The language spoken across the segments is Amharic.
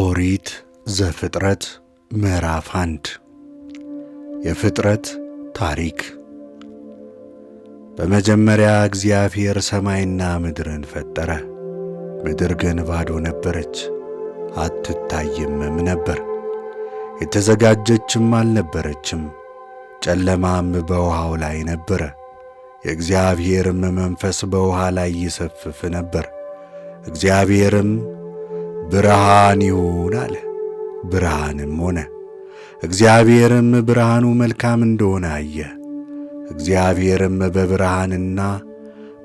ኦሪት ዘፍጥረት ምዕራፍ አንድ የፍጥረት ታሪክ። በመጀመሪያ እግዚአብሔር ሰማይና ምድርን ፈጠረ። ምድር ግን ባዶ ነበረች፣ አትታይምም ነበር፣ የተዘጋጀችም አልነበረችም። ጨለማም በውሃው ላይ ነበረ፣ የእግዚአብሔርም መንፈስ በውሃ ላይ ይሰፍፍ ነበር። እግዚአብሔርም ብርሃን ይሁን አለ። ብርሃንም ሆነ። እግዚአብሔርም ብርሃኑ መልካም እንደሆነ አየ። እግዚአብሔርም በብርሃንና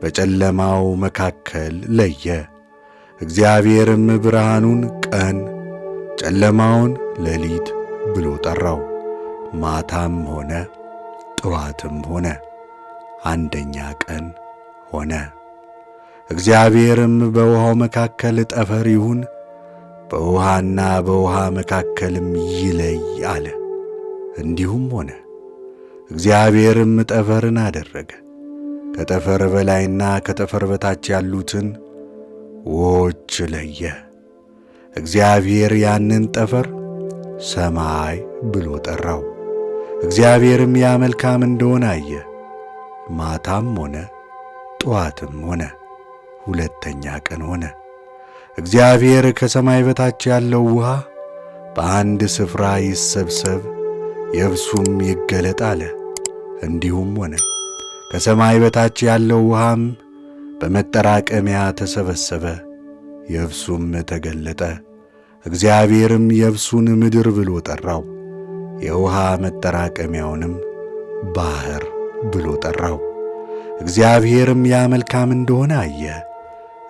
በጨለማው መካከል ለየ። እግዚአብሔርም ብርሃኑን ቀን፣ ጨለማውን ሌሊት ብሎ ጠራው። ማታም ሆነ ጥዋትም ሆነ አንደኛ ቀን ሆነ። እግዚአብሔርም በውሃው መካከል ጠፈር ይሁን በውሃና በውሃ መካከልም ይለይ አለ። እንዲሁም ሆነ። እግዚአብሔርም ጠፈርን አደረገ። ከጠፈር በላይና ከጠፈር በታች ያሉትን ውሆች ለየ። እግዚአብሔር ያንን ጠፈር ሰማይ ብሎ ጠራው። እግዚአብሔርም ያ መልካም እንደሆነ አየ። ማታም ሆነ ጠዋትም ሆነ ሁለተኛ ቀን ሆነ። እግዚአብሔር ከሰማይ በታች ያለው ውሃ በአንድ ስፍራ ይሰብሰብ የብሱም ይገለጥ አለ። እንዲሁም ሆነ። ከሰማይ በታች ያለው ውሃም በመጠራቀሚያ ተሰበሰበ፣ የብሱም ተገለጠ። እግዚአብሔርም የብሱን ምድር ብሎ ጠራው፣ የውሃ መጠራቀሚያውንም ባሕር ብሎ ጠራው። እግዚአብሔርም ያ መልካም እንደሆነ አየ።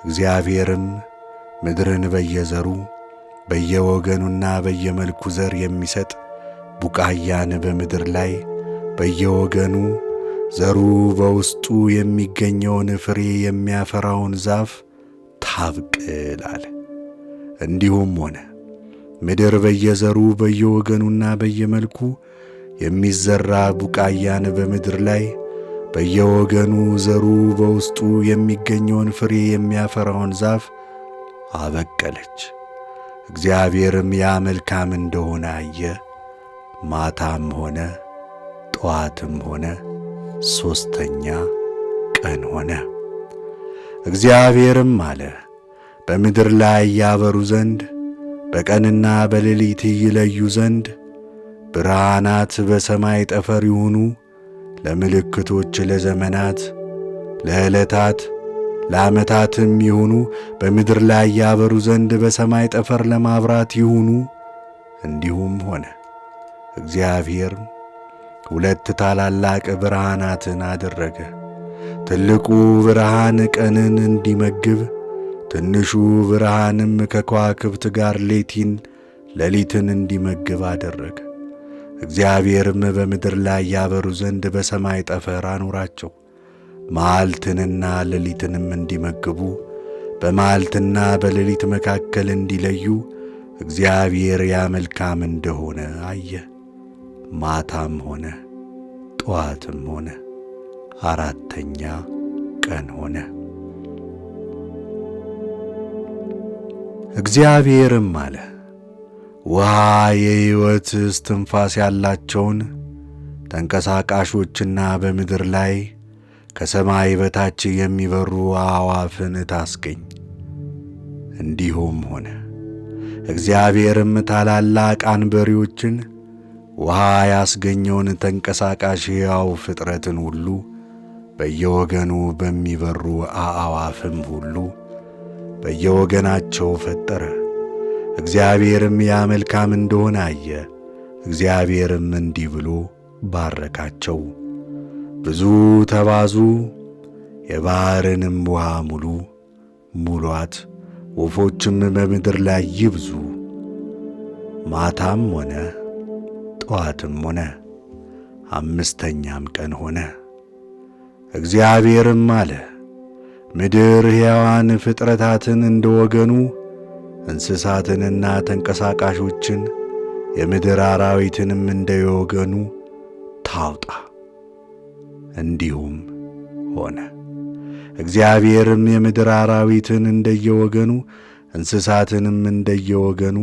እግዚአብሔርም ምድርን በየዘሩ በየወገኑና በየመልኩ ዘር የሚሰጥ ቡቃያን በምድር ላይ በየወገኑ ዘሩ በውስጡ የሚገኘውን ፍሬ የሚያፈራውን ዛፍ ታብቅል አለ። እንዲሁም ሆነ። ምድር በየዘሩ በየወገኑና በየመልኩ የሚዘራ ቡቃያን በምድር ላይ በየወገኑ ዘሩ በውስጡ የሚገኘውን ፍሬ የሚያፈራውን ዛፍ አበቀለች። እግዚአብሔርም ያ መልካም እንደሆነ አየ። ማታም ሆነ ጠዋትም ሆነ ሦስተኛ ቀን ሆነ። እግዚአብሔርም አለ፣ በምድር ላይ ያበሩ ዘንድ በቀንና በሌሊት ይለዩ ዘንድ ብርሃናት በሰማይ ጠፈር ይሁኑ ለምልክቶች፣ ለዘመናት፣ ለዕለታት ለዓመታትም ይሁኑ በምድር ላይ ያበሩ ዘንድ በሰማይ ጠፈር ለማብራት ይሁኑ። እንዲሁም ሆነ። እግዚአብሔር ሁለት ታላላቅ ብርሃናትን አደረገ። ትልቁ ብርሃን ቀንን እንዲመግብ፣ ትንሹ ብርሃንም ከከዋክብት ጋር ሌቲን ሌሊትን እንዲመግብ አደረገ። እግዚአብሔርም በምድር ላይ ያበሩ ዘንድ በሰማይ ጠፈር አኖራቸው። መዓልትንና ሌሊትንም እንዲመግቡ በመዓልትና በሌሊት መካከል እንዲለዩ እግዚአብሔር ያ መልካም እንደሆነ አየ። ማታም ሆነ ጠዋትም ሆነ አራተኛ ቀን ሆነ። እግዚአብሔርም አለ፣ ውሃ የሕይወት እስትንፋስ ያላቸውን ተንቀሳቃሾችና በምድር ላይ ከሰማይ በታች የሚበሩ አዕዋፍን ታስገኝ። እንዲሁም ሆነ። እግዚአብሔርም ታላላቅ አንበሪዎችን ውሃ ያስገኘውን ተንቀሳቃሽ ሕያው ፍጥረትን ሁሉ በየወገኑ በሚበሩ አዕዋፍም ሁሉ በየወገናቸው ፈጠረ። እግዚአብሔርም ያ መልካም እንደሆነ አየ። እግዚአብሔርም እንዲህ ብሎ ባረካቸው። ብዙ ተባዙ፣ የባሕርንም ውሃ ሙሉ ሙሏት፣ ወፎችም በምድር ላይ ይብዙ። ማታም ሆነ ጠዋትም ሆነ አምስተኛም ቀን ሆነ። እግዚአብሔርም አለ፣ ምድር ሕያዋን ፍጥረታትን እንደ ወገኑ እንስሳትንና ተንቀሳቃሾችን የምድር አራዊትንም እንደ ወገኑ ታውጣ። እንዲሁም ሆነ። እግዚአብሔርም የምድር አራዊትን እንደየወገኑ እንስሳትንም እንደየወገኑ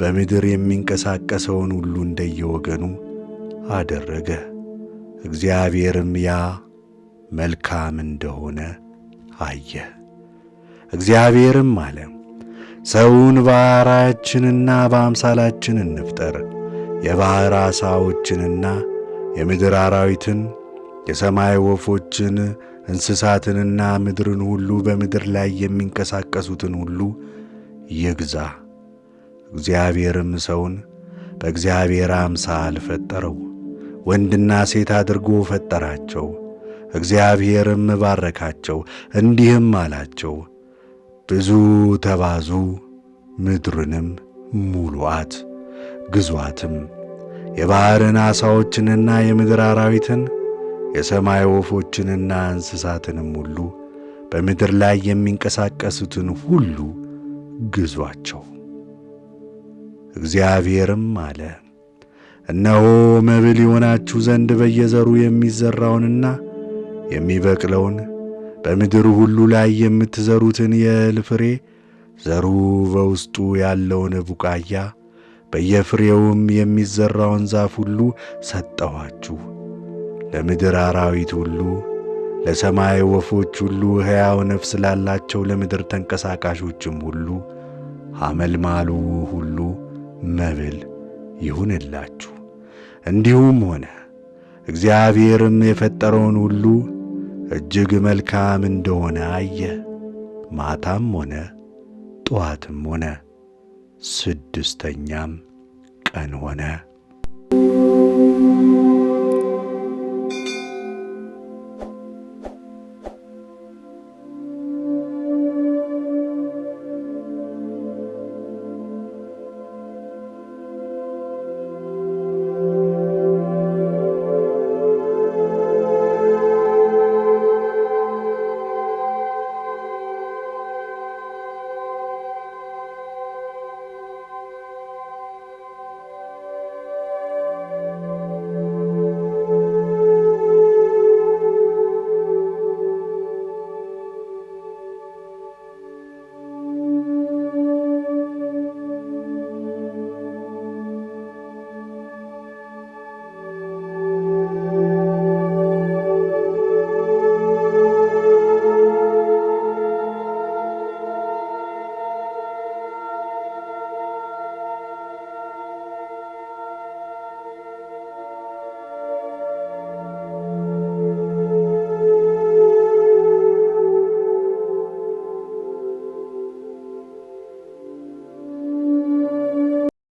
በምድር የሚንቀሳቀሰውን ሁሉ እንደየወገኑ አደረገ። እግዚአብሔርም ያ መልካም እንደሆነ አየ። እግዚአብሔርም አለ፣ ሰውን በአርአያችንና በአምሳላችን እንፍጠር፣ የባሕር ዓሣዎችንና የምድር አራዊትን የሰማይ ወፎችን እንስሳትንና ምድርን ሁሉ በምድር ላይ የሚንቀሳቀሱትን ሁሉ ይግዛ። እግዚአብሔርም ሰውን በእግዚአብሔር አምሳል ፈጠረው፣ ወንድና ሴት አድርጎ ፈጠራቸው። እግዚአብሔርም ባረካቸው፣ እንዲህም አላቸው፦ ብዙ ተባዙ፣ ምድርንም ሙሉአት፣ ግዟትም፣ የባሕርን ዓሣዎችንና የምድር አራዊትን የሰማይ ወፎችንና እንስሳትንም ሁሉ በምድር ላይ የሚንቀሳቀሱትን ሁሉ ግዟቸው። እግዚአብሔርም አለ፣ እነሆ መብል ይሆናችሁ ዘንድ በየዘሩ የሚዘራውንና የሚበቅለውን በምድር ሁሉ ላይ የምትዘሩትን የእህል ፍሬ ዘሩ በውስጡ ያለውን ቡቃያ በየፍሬውም የሚዘራውን ዛፍ ሁሉ ሰጠኋችሁ። ለምድር አራዊት ሁሉ ለሰማይ ወፎች ሁሉ ሕያው ነፍስ ላላቸው ለምድር ተንቀሳቃሾችም ሁሉ አመልማሉ ሁሉ መብል ይሁንላችሁ። እንዲሁም ሆነ። እግዚአብሔርም የፈጠረውን ሁሉ እጅግ መልካም እንደሆነ አየ። ማታም ሆነ ጠዋትም ሆነ ስድስተኛም ቀን ሆነ።